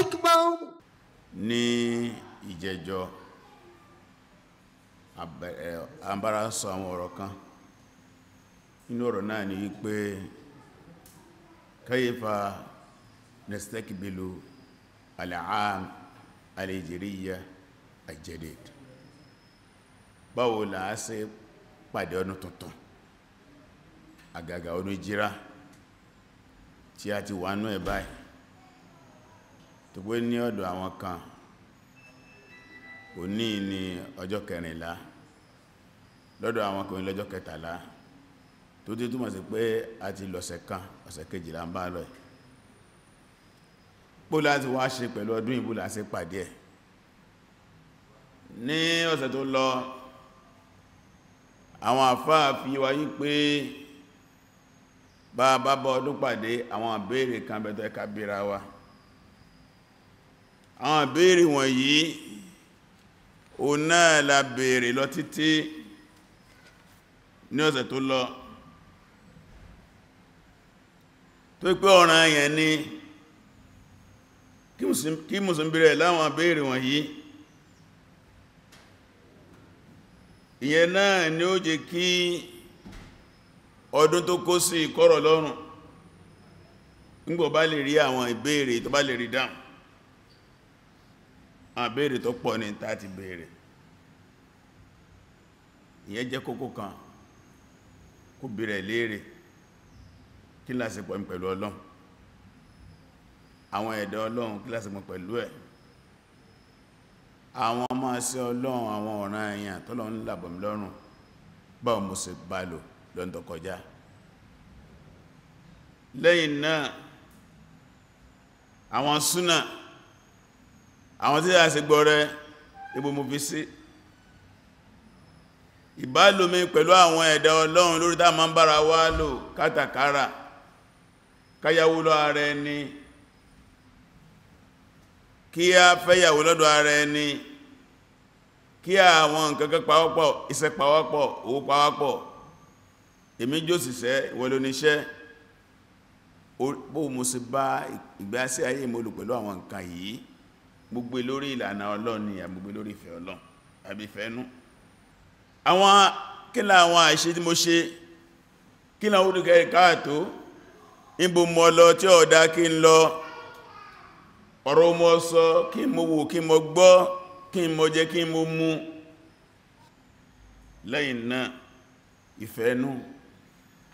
akbar. ní ìjẹjọ àbára sọ àwọn ọ̀rọ̀ kan inú ọ̀rọ̀ náà ni wípé kayfa nastakbilu al'am alìjíríyà al báwo là á ṣe pàdé tuntun àgàgà ọdún tia tí a ti wà nú tó gbé ní ọ̀dọ̀ àwọn kan òní ni ọjọ́ kẹrìnlá lọ́dọ̀ àwọn kan lọ́jọ́ kẹtàlá tó tí túmọ̀ sí pé a ti lọ̀sẹ̀ kan ọ̀sẹ̀ kejìlá ń bá lọ pó láti wá ṣe pẹ̀lú ọdún ìbú láti pàdé ẹ̀ ní ọ̀sẹ̀ tó lọ àwọn àfáà fi wáyé pé bá bá bọ́ ọdún pàdé àwọn àbẹ́rẹ̀ kan bẹ̀tọ̀ ẹ̀ka bíra wa. àwọn ìbéèrè wọ̀nyí o náà la béèrè lọ títí ní ọ̀sẹ̀ tó lọ tó ọ̀ràn ayẹ̀ ni kí mùsùn láwọn béèrè wọ̀nyí ìyẹn náà ni ó jẹ́ kí ọdún tó kó sí ìkọ́rọ̀ lọ́rùn nígbò bá lè rí àwọn ìbéèrè tó bá lè rí àbẹ̀rẹ̀ tó pọ̀ ní ìta ti bẹ̀rẹ̀ ìyẹn jẹ́ kókó kan kó bẹ̀rẹ̀ léèrè kí lásìpọ̀ pẹ̀lú ọlọ́run àwọn ẹ̀dọ́ ọlọ́run kí lásìpọ̀ pẹ̀lú ẹ̀ àwọn ọmọ sí ọlọ́run àwọn ọ̀ràn èèyàn tó lọ́n làbọ̀ lọ́rùn bá lò lọ́n tó kọjá lẹ́yìn náà àwọn súnà àwọn tí a sì gbọ́ rẹ níbo mo fi sí ìbálòmí pẹ̀lú àwọn ẹ̀dá ọlọ́run lórí tá máa ń bára wá lò kátàkárà káyàwó lọ ara ẹni kí a fẹ́yàwó lọ́dọ̀ ara ẹni kí àwọn nǹkan kan pàwọ́pọ̀ iṣẹ́ pàwọ́pọ̀ owó pàwọ́pọ̀ èmi jó síṣẹ́ ìwọlé oníṣẹ́ bóò mo sì bá ìgbésí ayé mo pẹ̀lú àwọn nǹkan yìí gbogbo lórí ìlànà ọlọ́run ni àgbogbo lórí ìfẹ́ ọlọ́run àbí ìfẹ́nú àwọn kílà àwọn àìṣe tí mo ṣe kílà ó dúkẹ́ káàtó níbo mọ́ lọ tí ọ̀dá kí n lọ ọ̀rọ̀ mọ́ sọ kí mo wò kí mo gbọ́ kí mo jẹ kí mo mú lẹ́yìn náà ìfẹ́nú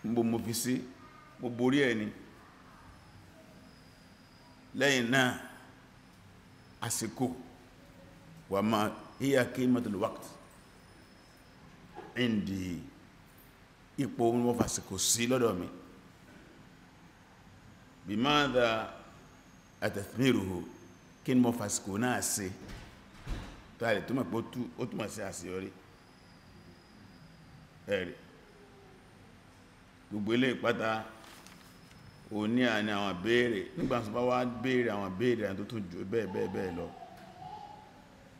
níbo mo fi sí mo borí ẹni lẹ́yìn náà àsìkò wà máa híyà kí mọ́tàlù wákàtí ìndì ipò wọn fàsìkò sí lọ́dọ̀ mi bí máa dá àtẹ̀fìnirò kí mọ́ fàsìkò náà ṣe tààrí tó mọ̀ pé túnmọ̀ sí àṣeyọrí ẹ̀rì gbogbo ilé ìpátá o àní àwọn béèrè nígbà tó bá wá béèrè àwọn béèrè àti tó tún jù bẹ́ẹ̀ bẹ́ẹ̀ bẹ́ẹ̀ lọ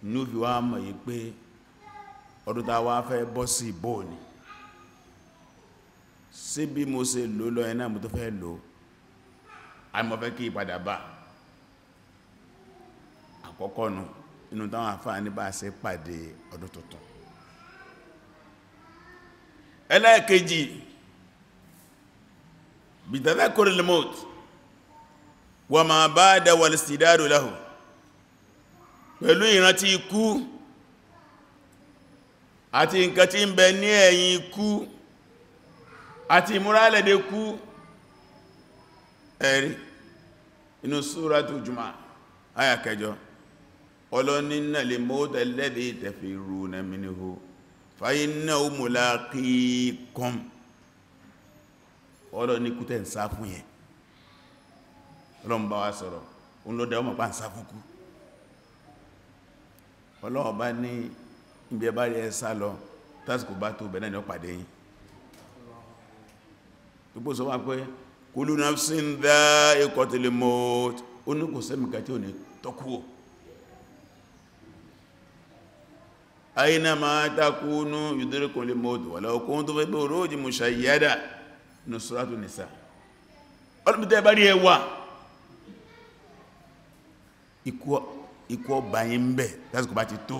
inú fi wá mọ̀ yí pé ọdún tá a wá fẹ́ bọ́ sí ìbò ni bí mo se lò lọ ẹ̀ náà mo tó fẹ́ lò àmọ́ fẹ́ kí ìpadà bá àkọ́kọ́ nu inú táwọn àfáàní bá pàdé ọdún tuntun بتذكر الموت وما بعد والاستعداد له pẹ̀lú ìrántí ikú àti nǹkan tí ń bẹ ní ẹ̀yìn ikú àti ìmúrálẹ̀dẹ̀ ikú ẹ̀rí inú súratu jùmá àyà kẹjọ ọlọ́ni náà lè mọ́ta alladhi tafirruna minhu fa innahu mulaqikum ọlọ́run ní kútẹ́ ń sá fún yẹn ọlọ́run bá sọ̀rọ̀ ọmọ pa ń sá fún kú ọlọ́run bá ní ibi ẹbá lọ tásìkò bá tó bẹ̀rẹ̀ ní ọpàdé yìí gbogbo sọ wá pé kullu nafsin dha'iqatul maut ó ní kò sẹ́mìkà tí ò ní takunu nùsùlátù nìsà ọlọ́pítẹ́ bá rí ẹwà ikú ọba yí ń bẹ̀ ti tó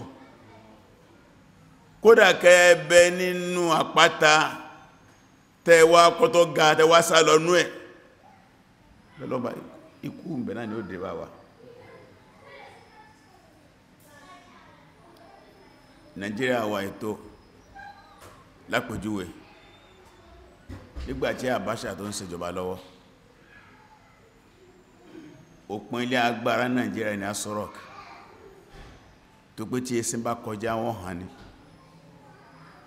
kódà nínú àpáta kọ́tọ́ ga tẹ́wà sá lọ́nú ẹ̀ lọ́lọ́gbà ikú ìbẹ̀ náà ni ó wa eto, wà ètò nígbàtí Abacha tó ń ṣèjọba lọ́wọ́ òpin ilé agbára Nàìjíríà ní Aso Rock tó pé tí esin bá kọjá wọn hàn ní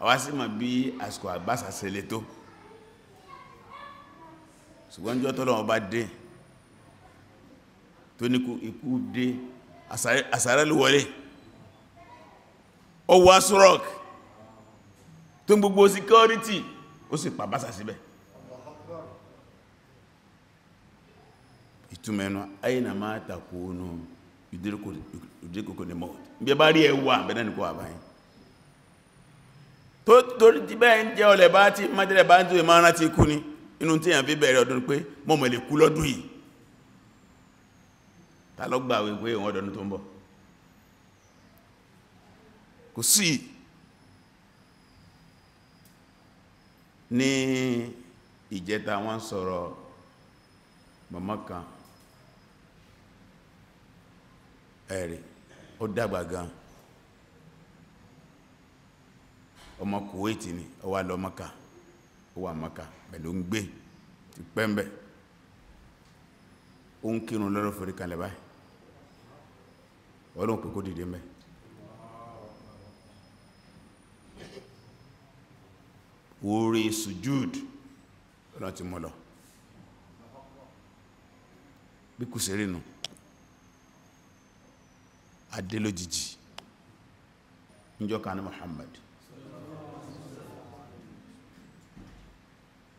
àwa sì mọ̀ bí àsìkò Abacha ṣe le tó ṣùgbọ́n jọ́ tọ́lọ́wọ́ bá dé tó ní ikú dé àsàrẹ́ ló wọlé ọwọ́ Aso tó gbogbo security ó sì pàbásà síbẹ̀ ìtumẹ̀nu ayina máa takò nù ìdíkòkò ní mọ́ bí ẹ bá rí ẹwà bẹ̀rẹ̀ nìkọ́ àbáyìn tó torí ti bẹ́ẹ̀ ń jẹ́ ọlẹ̀ bá ti májẹ́lẹ̀ bá ń tó ìmọ̀ ara ti kú ni inú tí yàn fi bẹ̀rẹ̀ ọdún pé mọ́mọ̀ lè kú lọ́dún yìí ta kan ẹ̀rì ó dàgbà gan ọmọ kuwaiti ni ó wá lọ maka ó wà maka pẹ̀lú ń gbé ti pẹ́m̀bẹ̀ ó ń kírun lọ́rọ̀ forí kalẹ̀ báyìí ọlọ́run pẹ̀kó dìde mẹ́ orí sujúd ọlọ́run ti mọ́ lọ bí kù nù no. adé lójijì ní Muhammad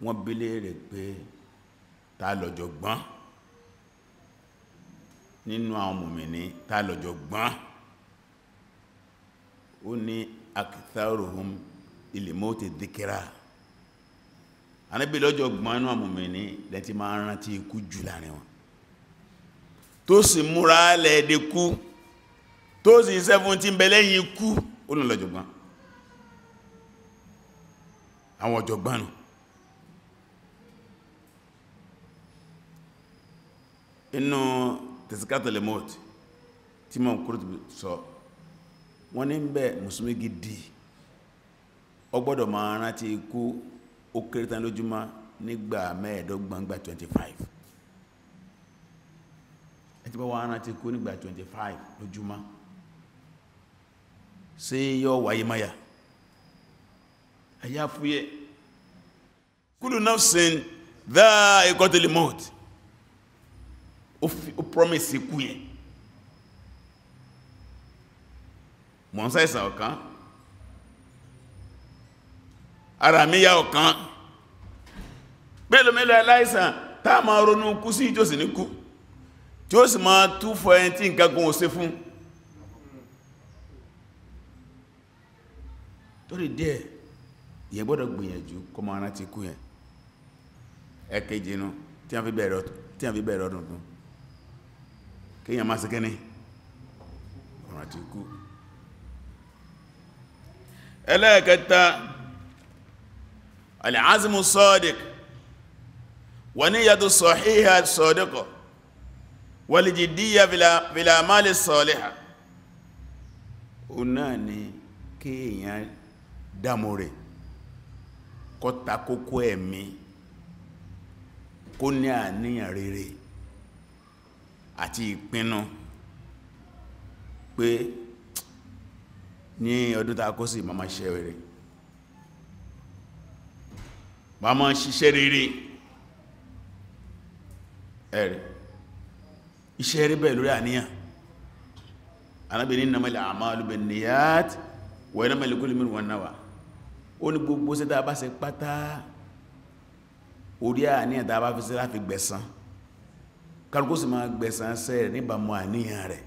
wọ́n bílé rẹ̀ pé ta lọ́jọ́ gbọ́n nínú àwọn mùmìnì ta lọ́jọ́ gbọ́n ó ní akitharuhum ilimoti dikira anábí lọ́jọ́ gbọ́n inú àwọn mùmìnì lẹ́tí máa rántí ikú jù láàrin wọn tó sì múra lẹ́ẹ̀dẹ́kú tó sì seventeen bẹ lẹ́yìn ikú olùlọ́jọ̀gbọ́n àwọn ọ̀jọ̀gbọ́n nù inú tẹ̀síkátẹ̀lẹ̀ mọ́t tí mọ́ kúrò tí sọ wọ́n ní bẹ́ mùsùlùmí gidi ó gbọ́dọ̀ máa rántí ikú ó kéré tán lójúmọ́ nígbà mẹ́ẹ̀ẹ́dọ́gbọ̀n gbà 25 ẹ ti bá wọ́n rántí ikú nígbà 25 lójúmọ́ ṣé yóò wáyé máyà ẹ̀yà fúyẹ́ kúlù nafsin dáa ikọ́tẹ̀lẹ̀ mọ́t ó promise ikú yẹn mọ̀nsá ìsà ọ̀kan ara mi yá ọ̀kan mélòmélò aláìsàn táà máa ronú kú sí ìjọsìn ní kú tí ó sì máa tú fọ ẹni tí nǹkan gun ò ṣe fún un torí díẹ̀ yẹ gbọ́dọ̀ gbìyànjú kó máa rántí kú yẹn ẹ̀kejì inú tí a fi bẹ̀rẹ̀ ọdún tún kíyàn máa sí kíní rántí kú ẹlẹ́ẹ̀kẹta alìázimú sọ́ọ̀dìk wà ní yàtò sọ̀híhà sọ́ọ̀dìkọ̀ wàlìjìdíyà fìlàmálì sọ̀ọ̀lẹ́hà o náà dámú rẹ̀ kó ta kókó ẹ̀mí kó ní àníyàn rere àti ìpinnu pé ní ọdún tá kó sí màmá ṣiṣẹ́ rere màmá ṣiṣẹ́ rere ẹ̀rẹ̀ iṣẹ́ rí bẹ́ẹ̀ lórí àníyàn anábìnrin nàmàlẹ̀ àmàlùbẹ̀ nìyàt wẹ̀nàmàlẹ̀ kúlùmí wọn náwàá ó ní gbogbo ṣe tá a bá ṣe pátá orí àníyàn tá a bá fi ṣe láti gbẹ̀san kálukú sì máa gbẹ̀san ṣe rẹ̀ níbàmú àníyàn rẹ̀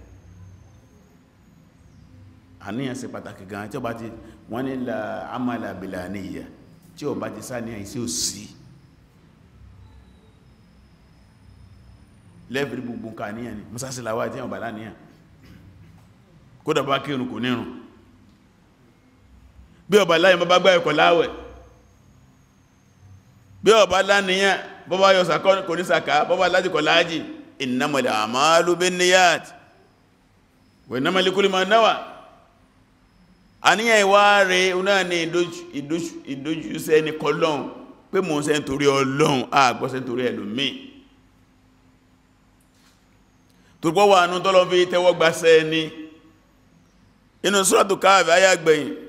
àníyàn ṣe pàtàkì gan tí ó bá ti wọ́n ní la amala bila àníyà tí ó bá ti sáníyàn sí òsì lẹ́bìrì gbogbo nǹkan àníyàn ni musa sì làwọn àti àwọn bàlá àníyàn kódà bá kírun kò nírun bí ọba láyé bá gbá ẹ̀kọ́ láwẹ̀ bí ọba láníyàn bọ́bá yọ sàkọ́ kò ní sàkà bọ́bá lájìkọ̀ láàjì innamal a'malu binniyat wa innamal likulli man nawa àníyàn ìwà rẹ̀ náà ni ìdójúṣẹ́ ní kọlọ́un pé mò ń ṣe nítorí Ọlọ́run àgbọ́sẹ́ nítorí ẹlòmíì torípọ́ wà nú tọ́lọ́ fi tẹ́wọ́ gbáṣẹ́ ni inú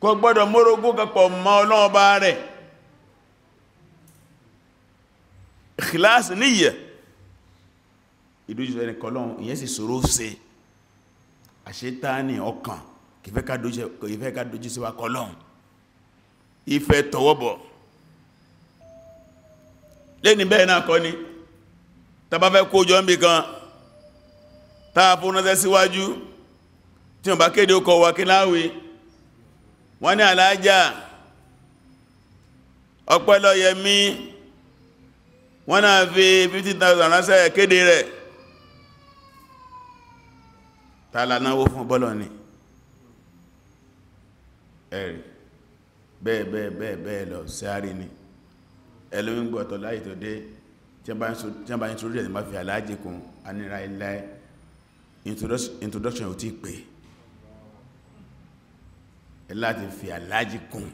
kò gbọ́dọ̀ mórogún kapọ̀ mọ́ ọlọ́run bá rẹ̀ ìkìláàsì níyẹ̀ ìdójútọ́ ẹni kọlọ́run ìyẹn sì ṣòro ṣe àṣetáni ọkàn kìfẹ́ ká dojú sí wa kọlọ́run ìfẹ́ tọwọ́bọ̀ lẹ́ni bẹ́ẹ̀ náà kọ́ ni tàbá fẹ́ kó jọ ń bí kan táà fún náà síwájú tí wọ́n bá kéde ó kọ kí láwìí wọ́n ní alájá ọpẹ́lọ́yẹmí wọ́n náà fi 50,000 ránṣẹ́ kéde rẹ̀ tààlà náwó fún bọ́lọ̀ ni ẹ̀rì bẹ́ẹ̀ bẹ́ẹ̀ bẹ́ẹ̀ bẹ́ẹ̀ lọ sáàrí ni ẹlòmí gbọ́tọ̀ láì tó dé tí a bá ń sórí ẹ̀ ní máa fi aláàjì kún anira ilẹ̀ introduction ò tí pèé ẹ láti fi aláàjì kún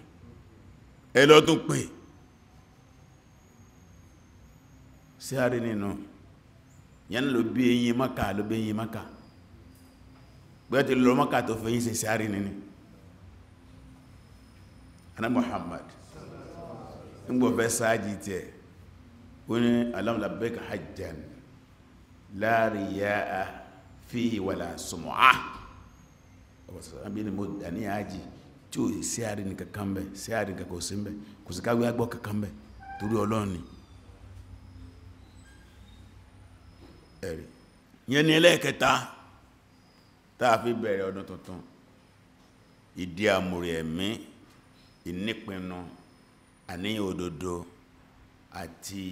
ẹ lọ́tún pè sí àrí nínú yẹn ló bí eyín maka ló bí eyín maka gbẹ́ẹ̀tì lọ maka tó fẹ́ yí sí sí àrí nínú ana Muhammad ngbọ̀fẹ́ sáájì tẹ́ ó ní Allahumma labbaika hajjan la riyaa fihi wala sumu'ah ọ̀pọ̀sọ̀rọ̀ bí ni mo dà ní ààjì tí ò sí àárín kankan bẹ sí àárín kankan ò sí bẹ kò sí káwé agbọ́ kankan bẹ torí ọlọ́run ni ẹ̀rí yẹn ni ẹlẹ́ẹ̀kẹta tá a fi bẹ̀rẹ̀ ọdún tuntun ìdí àmúrí ẹ̀mí ìnípinnu àníyàn òdodo àti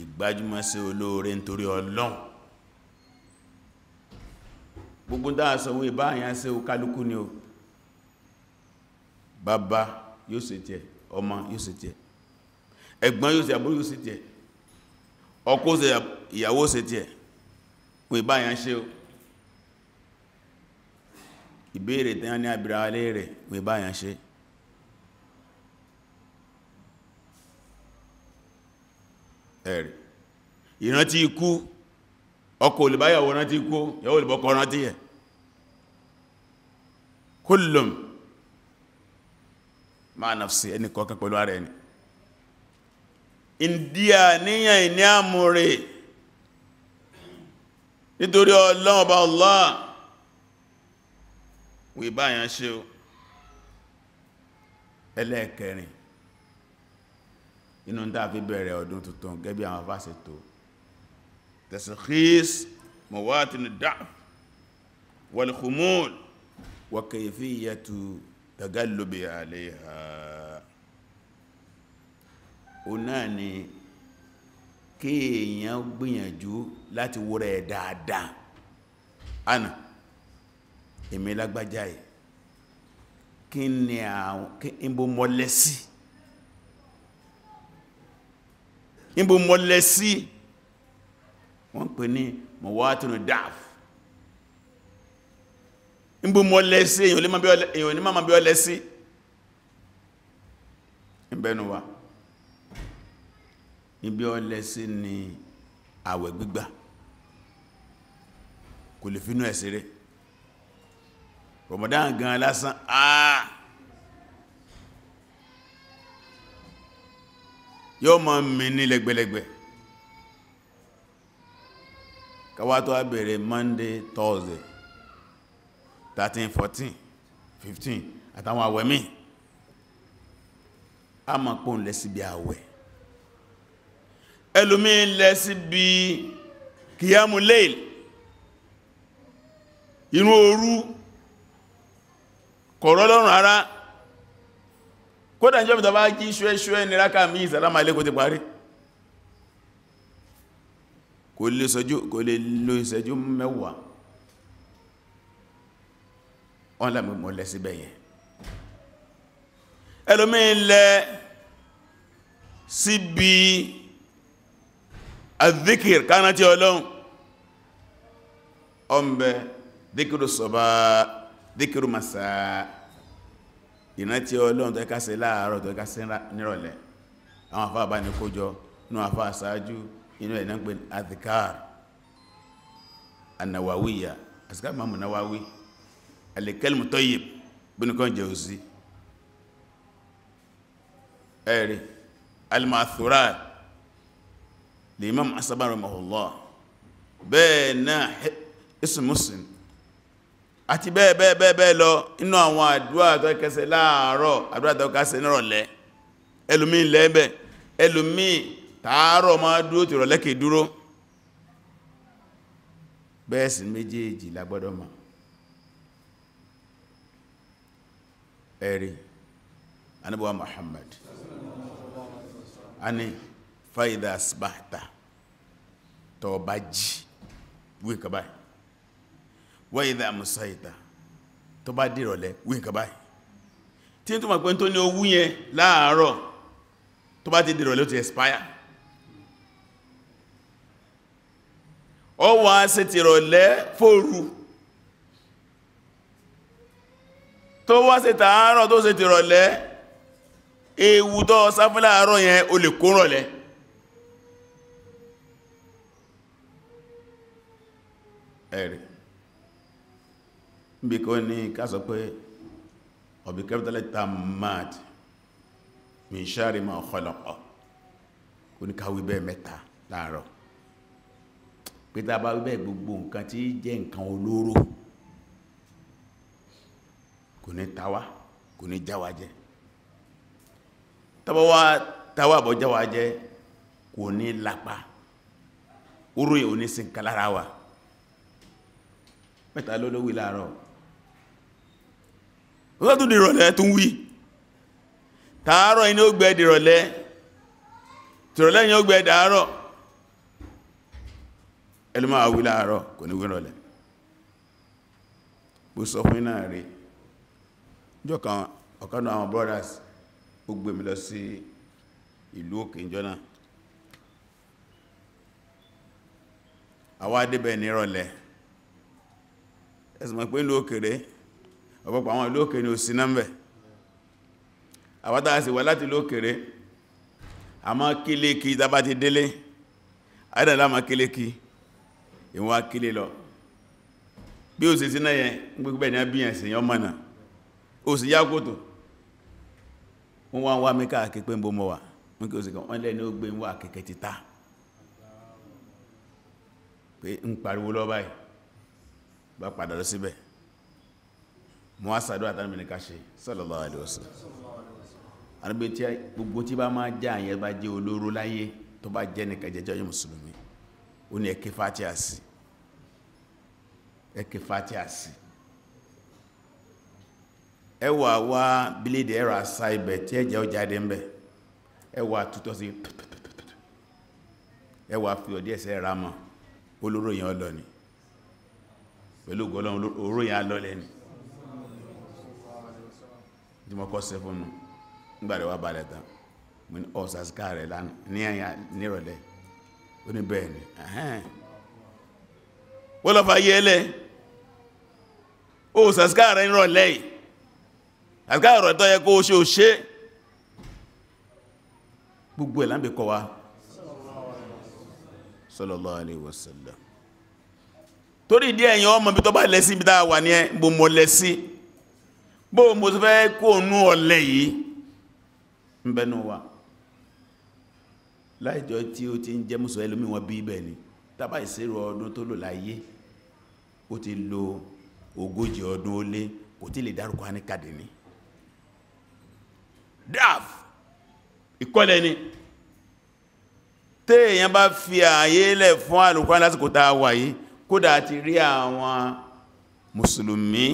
ìgbájúmọ́ sí olóore nítorí ọlọ́run gbogbo dáa sọ wí báyàn sí o kálukú ni o bàbá yóò ṣe tiẹ̀ ọmọ yóò ṣe tiẹ̀ ẹ̀gbọ́n yóò ṣe àbúrò yóò ṣe tiẹ̀ ọkọ ṣe ìyàwó ṣe tiẹ̀ kò ì báyàn ṣe o ìbéèrè tí wọ́n ní àbìrà alẹ́ rẹ̀ kò ì báyàn ṣe ẹ̀rì ìrántí ikú ọkọ olùbáyàwó rántí ikú yàwó olùbọ́kọ rántí ẹ̀ kullum máa nafsi ẹni kọ̀ọ̀kan pẹ̀lú ara ẹni india níyàn ìní àmúrè nítorí ọlọ́run ọba Allah wì báyàn ṣe o ẹlẹ́ẹ̀kẹrin inú dáa fi bẹ̀rẹ̀ ọdún tuntun gẹ́bí àwọn afáṣẹ tó tẹ̀sìkís mọ̀wátínú dáa wal khumul wa kayfiyatu tagalubi aleha o náà ni kí èèyàn gbìyànjú láti wúra ẹ̀ dáadáa ana èmi lágbájá ẹ̀ kí ni àwọn kí n bó mọ́lẹ̀ sí wọ́n pè ní mọ̀wátùnú dáàfù nígbò mọ́ lẹ́sí èyàn ní máa bí ọ lẹ́sí ìbẹnuwa níbi ọ lẹ́sí ni àwẹ̀ gbígbà kò lè finú ẹ̀ ṣeré Ramadan gan lásán àà ah! yóò mọ́ mi ní lẹ́gbẹ̀lẹ́gbẹ̀ káwàá tó á bẹ̀rẹ̀ Monday Thursday Thirteen, fourteen, fifteen. àtàwọn àwẹ̀ míì a máa pò ń lẹ síbi àwẹ̀ ẹlòmí lẹ síbi kìyàmù leil inú òru kọ̀rọ̀ lọ́rùn ara kódà ìjọba ìjọba jí ṣúẹ́ṣúẹ́ ní rákà mí ìsàlámà ilé kò ti parí kò lè lo mẹ́wàá wọ́n lámọ̀mọ̀ lẹ síbẹ̀ yẹn ẹlòmí lẹ síbi azikir kánà tí ọlọ́run ọmọbẹ díkìrù sọba díkìrù masá ìrántí ọlọ́run tó kásẹ̀ láàárọ̀ tó kásẹ̀ nírọ̀lẹ́ àwọn afá bá ní kójọ inú afá sáájú inú ẹ̀ náà pè azikar annawawiya azikar mamu nawawi alìkẹ́lùmù tayyib bínikọ́ Jawzi ẹ̀rì al-ma'thura l'imam asabar rahimahullah bẹ́ẹ̀ náà ism muslim àti bẹ́ẹ̀ bẹ́ẹ̀ bẹ́ẹ̀ bẹ́ẹ̀ lọ inú àwọn àdúrà tó kẹsẹ̀ láàárọ̀ àdúrà tó kẹsẹ̀ nírọ̀lẹ́ ẹlùmí lẹ́ẹ̀bẹ̀ ẹlùmí tààrọ̀ máa dúró tìrọ̀lẹ́ dúró bẹ́ẹ̀ sì méjèèjì la máa ẹ̀rí anábíwá Muhammad a ní fàídà asbáta tó bá jí wí nǹkan báyìí wáyídà musaita tó bá dìrọ̀lẹ́ wí nǹkan báyìí tí n tó mọ̀ pé tó ní owú yẹn láàárọ̀ tó ti dìrọ̀lẹ́ ó expire ó wá ṣe tìrọ̀lẹ́ fóòrù tó wá ṣe tààrọ̀ tó ṣe tìrọ̀lẹ́ ewu tó sáfílà àárọ̀ yẹn o lè kó rọ̀lẹ́ ẹ̀rì níbi kó ní ká sọ pé ọ̀bí kẹfẹ́tẹ́lẹ̀ ta mad min ṣáàrí ma khalaqa kò ní ká bẹ́ẹ̀ mẹ́ta láàárọ̀ pé bá wí gbogbo nǹkan tí jẹ́ nǹkan olóró kò ní tàwà kò ní jáwà jẹ tàbáwà tàwà bọ̀ jáwà jẹ kò ní lápá oró yẹ òní sí kalára wà mẹ́ta lólówí láàárọ̀ ó tún dìrọ̀lẹ́ tún wí tààrọ̀ inú ó gbẹ́ dìrọ̀lẹ́ tìrọ̀lẹ́ yìí ó gbẹ́ dàárọ̀ ẹlùmọ́ àwí láàárọ̀ kò ní wírọ̀lẹ́ bó sọ fún náà rí jọ kan ọ̀kan àwọn brothers ó gbé mi lọ sí ìlú òkè ìjọ́nà àwọn adébẹ̀ ní ìrọ̀lẹ̀ ẹ̀sùn mọ̀ pé ìlú òkèrè ọ̀pọ̀pọ̀ àwọn ìlú òkèrè ò sí náà àwátá sì wà láti ìlú òkèrè àmọ́ kílékí tàbá ti délé àìdàlá ma kílékí ìwọ̀n akílé lọ bí ó sì sí náà yẹn gbogbo ẹ̀ ní abíyàn sí yọ mọ̀nà kò sí yá kòtò wọ́n wá wá mẹ́ká àkẹ́kẹ́ ń bó mọ́ wà mú kí o sì kàn wọ́n lẹ́ni ó gbé ń wá ti ta pé ń pariwo lọ báyìí bá padà lọ síbẹ̀ mọ́ àsàdó ṣe sallallahu alaihi tí gbogbo tí ẹ wà wá bíléèdì ẹ̀rọ ibẹ̀ tí ẹ wà tútọ́ sí fi ọ̀dí ẹ̀sẹ̀ ra olóró yẹn ni pẹ̀lú gọ́lọ́ oró yẹn alọ́lẹ̀ ni tí mo kọ́ sẹ fún mi nígbàrẹ̀ wà balẹ̀ tán mo ní àbíká ọ̀rọ̀ tó yẹ kó ṣe ò ṣe gbogbo ẹ̀ lábẹ́ wa sallallahu alaihi wasallam torí ìdí ẹ̀yìn ọmọ bí tó bá lẹ́sí ibi dáa wà ní gbogbo lẹ́sí bó tó fẹ́ kó yìí ń bẹnu wa láìjọ tí ó ti ń jẹ́ wọn bí ni tàbá ìṣẹ́rù ọdún tó lò láyé ó ti lo ogójì ọdún ó lé kò tí lè daf ìkọlẹ̀ ni téèyàn bá fi ààyè lẹ̀ fún àlùkọ́ lásìkò tá a wà yìí kódà ti rí àwọn mùsùlùmí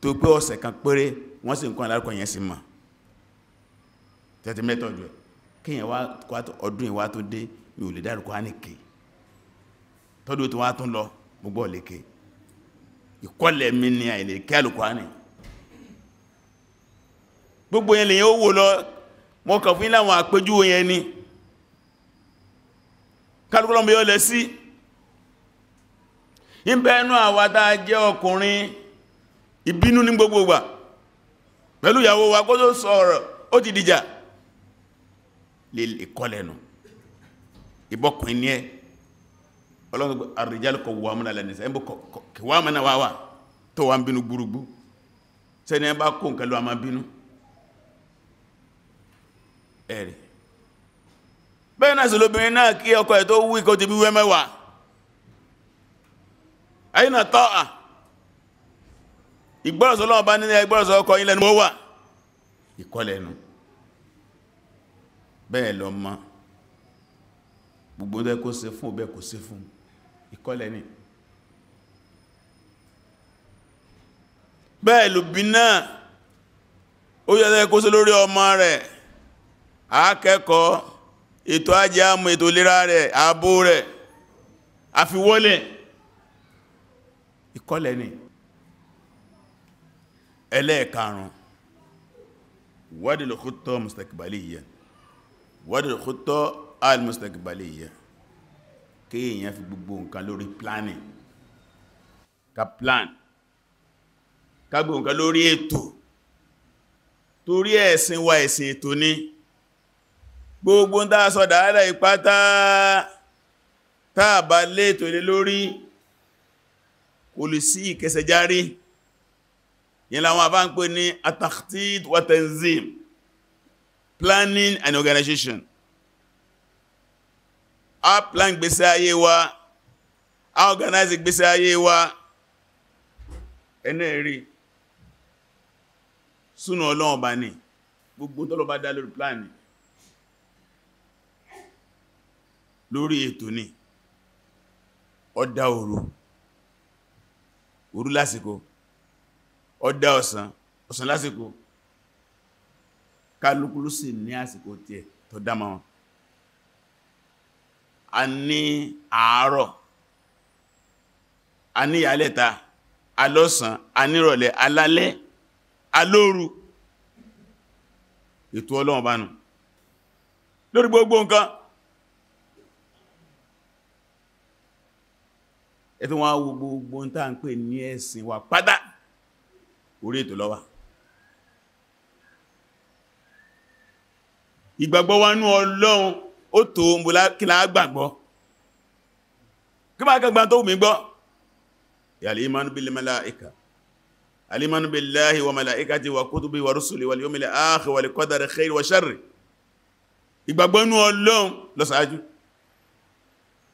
tó pé ọ̀sẹ̀ kan péré wọ́n sì ń kọ́ alárùkọ yẹn sí mọ̀ tẹ́tí mẹ́tọ̀dù ẹ̀ kíyàn wá ọdún ìwá tó dé mi ò lè dárùkọ á nìkè tọ́dún tó wá tún lọ gbogbo ọ̀lẹ́kẹ́ ìkọlẹ̀ mi ni àìlèkẹ́ àlùkọ́ á nìkè gbogbo yẹn lèyàn ó wò lọ mọ́ kàn fún ìlànà àpéjúwò yẹn ni kálùkùlọ́mù yóò lẹ sí ìbẹ̀ẹ́nú àwádá jẹ́ ọkùnrin ìbínú ní gbogbo wa pẹ̀lú ìyàwó wa kó tó sọ ó ti dìjà lè kọlẹ̀nù ní ẹ ẹ̀rì bẹ́ẹ̀ náà sì lóbìnrin náà kí ọkọ̀ ẹ̀ tó wú ikọ̀ ti bí wẹ́ mẹ́wàá ayé náà tọ́ à ìgbọ́rọ̀sọ lọ́wọ́ bá nílẹ̀ ìgbọ́rọ̀sọ ọkọ yín lẹ́nu wà bẹ́ẹ̀ lọ mọ́ gbogbo kó fún òbẹ́ kó fún bẹ́ẹ̀ náà ó kó lórí ọmọ rẹ̀ akẹ́kọ̀ọ́ ètò ajé àmú ètò ìlera rẹ̀ ààbò rẹ̀ àfiwọ́lẹ̀ ìkọlẹ̀ ni ẹlẹ́ẹ̀karùn wadil khutta mustaqbaliyya wadil khutta al mustaqbaliyya kí èyàn fi gbogbo nǹkan lórí planning ka plan ka gbogbo nǹkan lórí ètò torí ẹ̀sìn wa ẹ̀sìn ètò ni gbogbo ń dáa sọ dáadáa ìpátá táà bá léètò ilé lórí kò lè sí ìkẹsẹ̀járí yẹn láwọn àbá ń pè ní at-takhtit wa planning and organization a plan gbésí ayé wa a organize gbésí ayé wa ẹ̀nà ẹ̀rí súnà ọlọ́ọ̀bá ní gbogbo tọ́lọ bá dá lórí planning lórí ètò ni ọdá òru òru lásìkò ọdá ọ̀sán ọ̀sán lásìkò kálukúlù sì ní àsìkò tiẹ̀ tó dámà wọn a ní àárọ̀ a ní ìyálẹ̀ta alọ́sàn anírọ̀lẹ̀ alálẹ́ alóru ètò ọlọ́wọ̀n bánu lórí gbogbo nǹkan ẹ̀tọ́ wọn wo gbogbo ń tàà ń pè ní ẹ̀sìn wa pátá orí ètò lọ́wà ìgbàgbọ́ wa nú Ọlọ́run ó tó mbòlá kí láà gbàgbọ́ kí máa kàgbà tó mi gbọ́ ìgbàgbọ́ nú Ọlọ́run lọ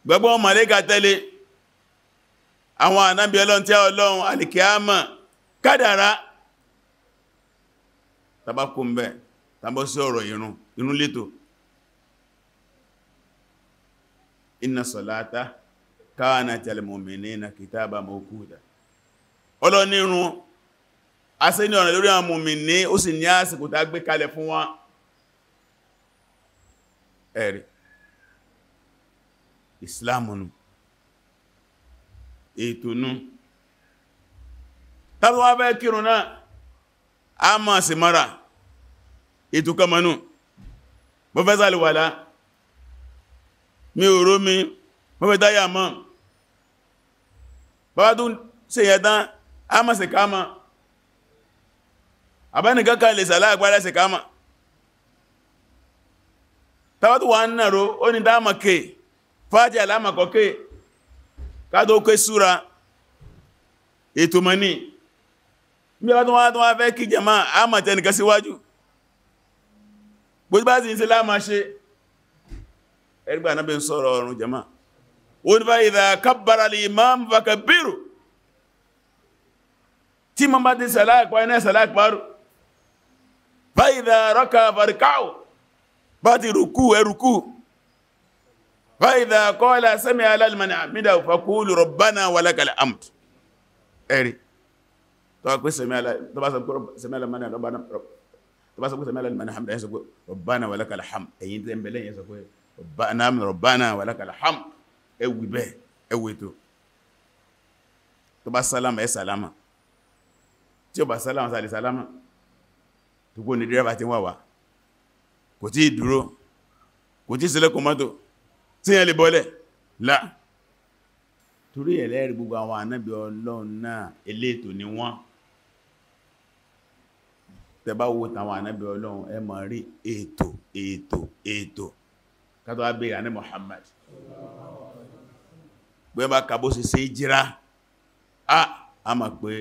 ìgbàgbọ́ malaika tẹ̀lé àwọn ànábí ọlọ́run tí a ọlọ́run alìkíámà kádàrá tàbákò ń bẹ̀ tàbọ́ sí ọ̀rọ̀ ìrun ìrun létò inna salata kanat lil mu'minina kitaba mawquta ọlọ́nirun asẹ́ ní ọ̀nà lórí àwọn mùmìnì ó sì ní àsìkò tá gbé kalẹ̀ fún wọn ẹ̀rì ìsìláàmù nù ètò nú tàbí wá bẹ́ kírùn náà a máa sì mara ètò kamanú mo fẹ́ sàlìwàlá mi ò ró mi fẹ́ táyà mọ́ bá tún se yẹ̀dán a máa sì káàmà àbẹ́nìkankan lè sàlá àgbára sì káàmà tàbátù wà ń nàró ó ní dáàmà kè fàájì àlámà kọ́kè ká tó ké súra ètò mọ̀ ní bí wá tó wá tó wá fẹ́ kí jẹma a mọ̀ tẹ́ nìkan síwájú bó bá sì ń ṣe láàmà ṣe ẹgbẹ́ anábí ń sọ̀rọ̀ ọ̀run jẹma ó ní bá ìdá kábàrà lè máa ń fàkà bírò tí ma bá ti sàlákpá fàídà kọ́lá sẹ́mì alálìmọ̀nà àmìdà fàkúlù rọ̀bánà wà lákàlẹ̀ àmd ẹ̀rì tó bá sọ pé sẹ́mì alálìmọ̀nà àmìdà yẹn sọ pé rọ̀bánà wà lákàlẹ̀ àmd ẹ̀yìn tẹ́ mbẹ̀lẹ̀ yẹn sọ pé rọ̀bánà wà lákàlẹ̀ àmd ẹwì bẹ́ ẹwì tó tó bá sálámà ẹ sálámà tí ó bá sálámà sàlẹ̀ sálámà tó kó ní dírẹ́bà ti wà wá kò tí ì tí yẹn lè bọ́lẹ̀ là torí ẹ̀lẹ́rì gbogbo àwọn ànábì ọlọ́run náà elétò ni wọ́n tẹbá wo tàwọn ànábì ọlọ́run ẹ máa rí ètò ètò ètò kátó abẹ́ àní Muhammad gbé bá kàbó sí sí jíra a a ma pé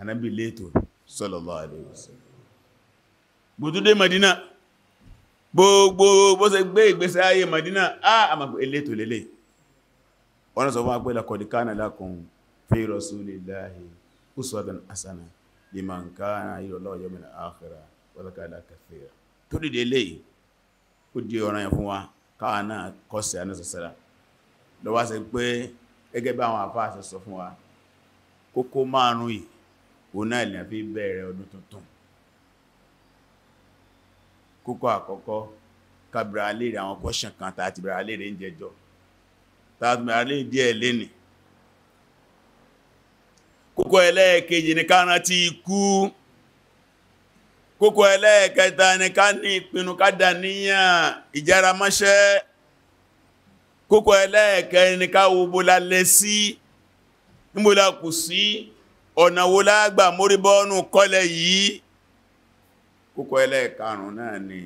ànábì létò sallallahu alaihi wasallam Madina gbogbo bó ṣe gbé ìgbésẹ̀ ayé Madina a ma gbé elétò lélẹ̀ wọ́n sọ fún agbé laqad kana lakum fi rasulillahi uswatan hasana liman kana yurju yawmal akhira wa dhakara kathira tó dìde lè ó di ọ̀ràn yẹn fún wa káwa náà kọ́sẹ̀ anásọ̀sára lọ́wọ́ ṣe pé gẹ́gẹ́ bí àwọn àfáà ṣe sọ fún wa kókó lè fi kókó àkọ́kọ́ kàbìrà léèrè àwọn kọ́ṣàn kan tàà ti bìrà léèrè ń jẹjọ tàà ti bìrà léèrè díẹ̀ lẹ́nì kókó ẹlẹ́ẹ̀kejì ní kára ti ikú kókó ẹlẹ́ẹ̀kẹta ní ká ní ìpinnu kádà níyàn ìjára mọ́ṣẹ́ kókó ẹlẹ́ẹ̀kẹrin ní ká wo bó la lẹ sí níbo la kù sí ọ̀nà wo lágbà mórí bọ́ọ̀nù kọ́lẹ̀ yìí kókó ẹlẹ́ẹ̀karùn náà ni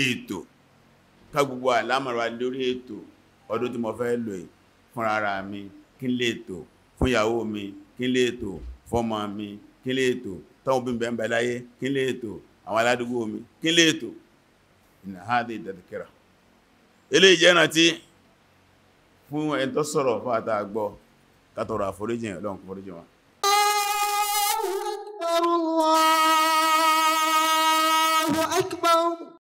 ètò ká gbogbo àlámọ̀ra lórí ètò ọdún tí mo fẹ́ ara mi kí n lè tò fún ìyàwó mi kí n lè tò fọ́mọ mi kí n lè tò táwọn láyé kí n lè tò àwọn aládùúgbò mi kí n lè tò ìnáhádé